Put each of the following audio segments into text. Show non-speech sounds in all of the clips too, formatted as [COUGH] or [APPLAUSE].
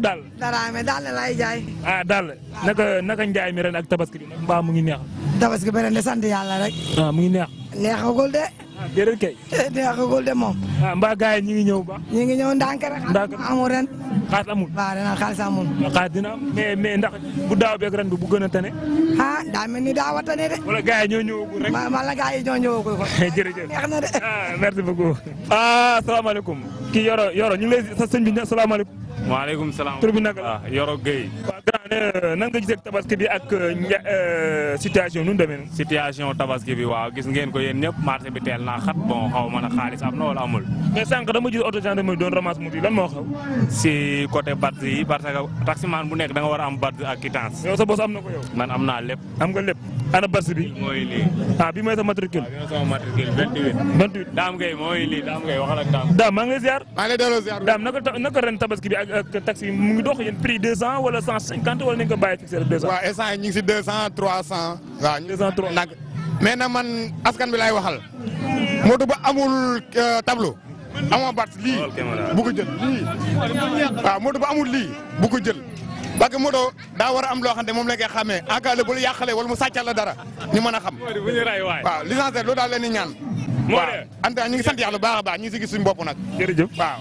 daal dara me daal lay jaay ah daal naka naka njaay mi ren ak tabaski bi mu ngi neex tabaski bi ren de rek ah mu ngi neex neexagul de. ah déedéet kay. Eh, neexagul de moom. Ah, mbaa gars yi ñu ngi ñëw ba. ñu ngi ñëw ndànk rek. ndànk amul ren. xaas amul waaw ah, mais ndax bu daaw beeg ren bi bu gën a tane. ah daa mel ni daaw a tane de. wala gars yi ñoo ñëwagul rek. ma la ñoo ñëwagul ko. [LAUGHS] jërëjëf neex na de. ah merci beaucoup. Ah, salaamaaleykum. kii Yoro Yoro ñu ngi lay sa sëñ bi salaamaaleykum. waaleykum salaam tur bi naka waaw euh, nan nga gisee tabaski bi ak euh, euh, situation nu mu demee situation tabaski bi waaw gis ngeen ko yéen ñëpp marché bi teel naa xat bon xaw ma na xaalis am na wala amul. mais sànq dama gis auto gendarmerie doon ramasse mu lan moo xaw. si côté badge yi parce que taximan bu nekk da nga war a am badge ak quittance. yow sa bos am na ko yow. man am naa lépp. am nga lépp. ana basi bi. mooy lii. ah bi mooy sa matricule. waaw bi mooy sama matricule 28. 28 daam ngay mooy lii daam ngay waxal ren tabaski bi ak mu ngi dox yéen prix 200 wala 150 wala nañu ko bàyyi fixé 200. waaw instant si 200 300. waaw ñu man askan bi laay waxal. moto ba amul euh, tableau. amoo bat lii bu ko jël ba amul lii bu ko jël. parce que moto daa war a am loo xam ne moom la koy xàmmee àggaale bu la yàqalee mu sàccal la dara ñu mën a xam. waaw loolu daal leen ñaan. moo de ñu ngi sant yàlla bu baax a baax ñu si gis suñu bopp nag. jërëjëf waaw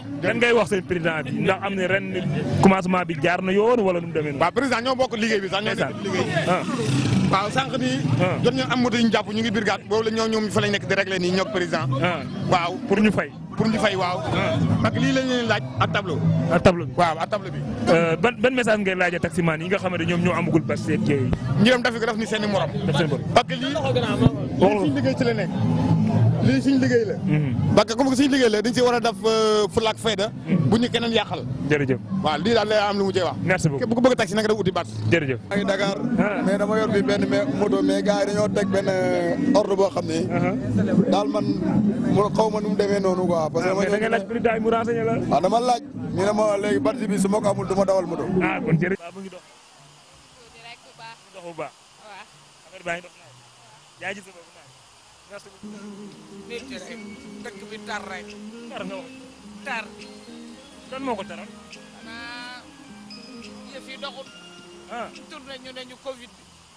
wax seen président bi am na ren commencement bi jaar na yoon wala nu mu demee. waaw président ñoo bokk liggéey bi sax ñoo bokk liggéey. Ah. waaw sànq nii ah. jot ñu ngi brigade boobu la ñoo ñoom fa lañ nekk di réglé nii ñoog président ah. waaw pour ñu fay pour ñu fay waaw. lii la ñuy laaj à tableau. à tableau bi waaw à tableau bi. Euh, ban ban message ngay laaj a taximaan yi nga xam ne ñoom ñoo amagul bas seeg yooyu. daf ni seen i morom. def seen bopp parce que lii. lii suñu lii suñ liggéey la parce mhm. que comme que suñ liggéey la dañ si war a def euh, fulaak mhm. bu ñu keneen yàqal jërëjëf lii daal lay am lu mu cee wax merci beaucoup képp ku bëgg taxi nag uti baat jërëjëf Dakar ah. mais dama yor bi benn mais moto mais gars dañoo teg benn euh, ordre boo xam ne uh-huh. daal man mu xaw ma nu mu demee noonu ko parce que ah, da nga ah, dama laaj ñu ne ma léegi batterie bi su ma ko amul du ma dawal moto ah kon jërëjëf baa ngi dox naa yaa ngi gis merci beaucoup. nit yi rek nga wax. tar. kan moo ko taral. xanaa yëf yi doxul. ah tourné ñu ne ñu Covid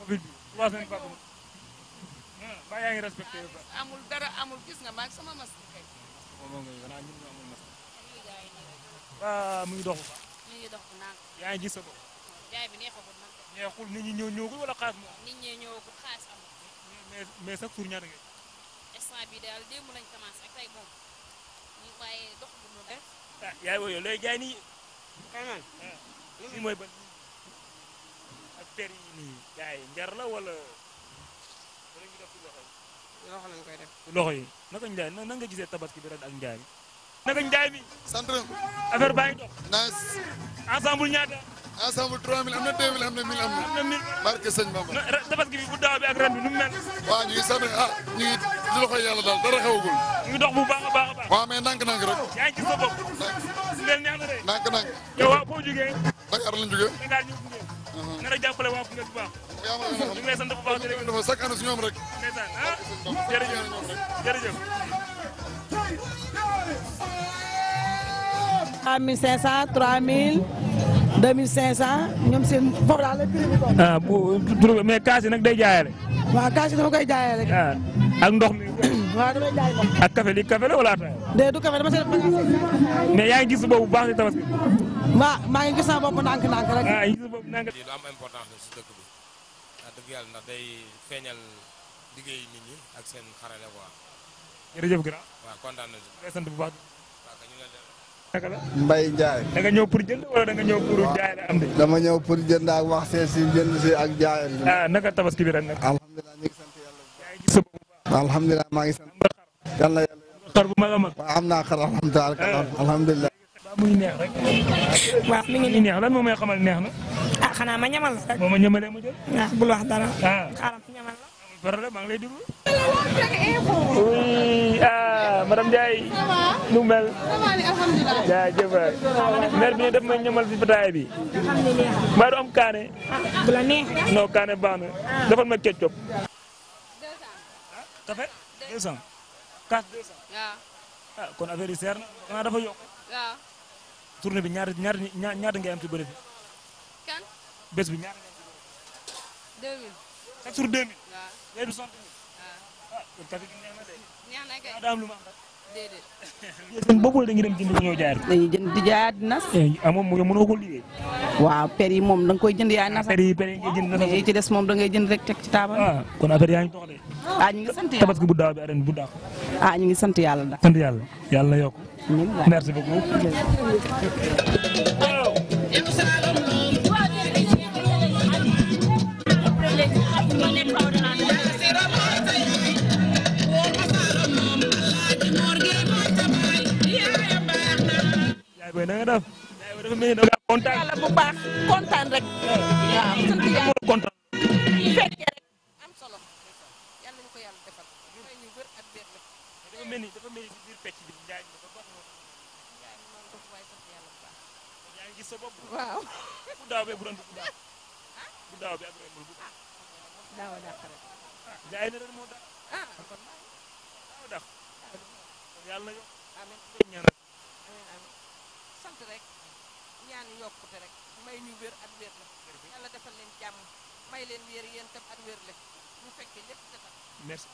bi. ba ko. ba yaa amul dara amul gis nga maag sama masque kay. moom mooy ñu amul masque. ah mu ngi dox bu gis sa bi neexagul nag. neexul nit ñi ñëw ñëwagul wala xaas moom. nit ñi ñëwagul xaas amul. mais mais chaque ñaata ngay. instant bi daal démb lañ commencé ak tey moom waaye dox bu mu def. ah yaay wooyu looy jaay nii. kay man. Ah, lii mooy ban ak per yi nii. gars yi njar la wala. wala ñu def ci loxo yi. loxo lañ koy def. loxo yi naka njaay na nga gisee tabaski bi ren ak njaay mi. Ah. naka njaay mi. sant affaire baa ngi dox. nice. ensemble ñaata. ensemble 3000 am na 2000 am na 1000 am na. am na 1000 barke sëñ Bamba. tabaski bi bu daaw bi ak ren bi nu mu mel. waaw ñu ngi sant ah ñu ngi. ci loxoy yàlla daal dara xewagul. ñu dox bu baax a baax a baax. waaw mais ndànk-ndànk rek. yaa ngi gis sa bopp. ndànk-ndànk. yow waaw foo jugee. Dakar lañ jugee. Dakar ñu jugee. Uh-huh. nga la jàppale waa Koungheul bu baax. ñu ngi lay sant bu baax di leen. dafa sakk ànd ah. si ñoom rek. jërëjëf jërëjëf. 3500 3000. 2500 ñoom seen foofu la ah bu mais kaas yi nag day jaayale. waaw kaas yi Ah, koy jaayee rek. Ah, ak ndox mi. [CLEARS THROAT] waaw damay jaay ndox. ak café li café la wala ataaya. de du café dama see def bagage. mais yaa ngi ngi gis sama bopp ndànk rek. ah gis bopp ndànk. lii lu am importance la si dëkk bi wax dëgg yàlla ndax day feeñal liggéey nit ñi ak seen xarale quoi. jërëjëf grand. waaw kontaan nañu sant bu baax. Mbaye Ndiaye. da nga ñëw pour jënd wala da nga ñëw pour jaay la am de. dama ñëw pour jënd ak wax see si jënd si ak jaay. ah naka tabaski bi ren nag. alhamdulilah ñu ngi sant yàlla bu baax. alhamdulilah maa ngi sant. yàlla yàlla. xar bu mag a mag. waaw am naa xar alhamdulilah. Ah. alhamdulilah. mu ngi neex rek. waaw mi ngi neex lan moo may xamal neex na. ah xanaa ma ñamal rek. moo ma ñamalee ma jël. ah bul wax dara. Ah. xaaral ñamal la. Pardon, maa ngi lay déglu. oui ah madame Ndiaye. ça va nu mu bi daf may ñamal si bataay bi. mbaa du am kaane. Ah, bu la neex. non kaane baax ah. na. dafa ma ketchup. 200. 200. 200. Ya. ah kon affaire yi seer dafa yokk. waaw. tournée bi ñaata ngay am ci kan. bés bi ñaata ngay 2000. chaque jour 2000. de. neex na lu ma am rek. déedéet. [LAUGHS] yéen bokkul da ngeen jënd ñoo jaar. dañuy jënd di jaayaat di nas. Eh, ah moom mënoo ko liggéey. waaw per yi moom da koy jënd yaa nas. per yi per yi ngay jënd nas. ci des moom da ngay jënd rek teg ci taabal. ah kon affaire yaa ngi dox de. ah ñu ngi sant bu daaw bi bu daaw. ah ñu ngi sant yàlla daal. sant yàlla yàlla na yokk. yaay booy na nga def. yaay mel ni bu baax kontaan rek. waaw sant yàlla kontaan. fekkee rek am solo. dafa mel ni bu baax. yaa ngi gis sa bopp. waaw. bu ah? ah. rek. Ah, sant rek ñaan yokkute rek may ñu wér ak wér la yàlla defal leen jàmm may leen wér yéen tam ak wér la ñu fekkee lépp defal merci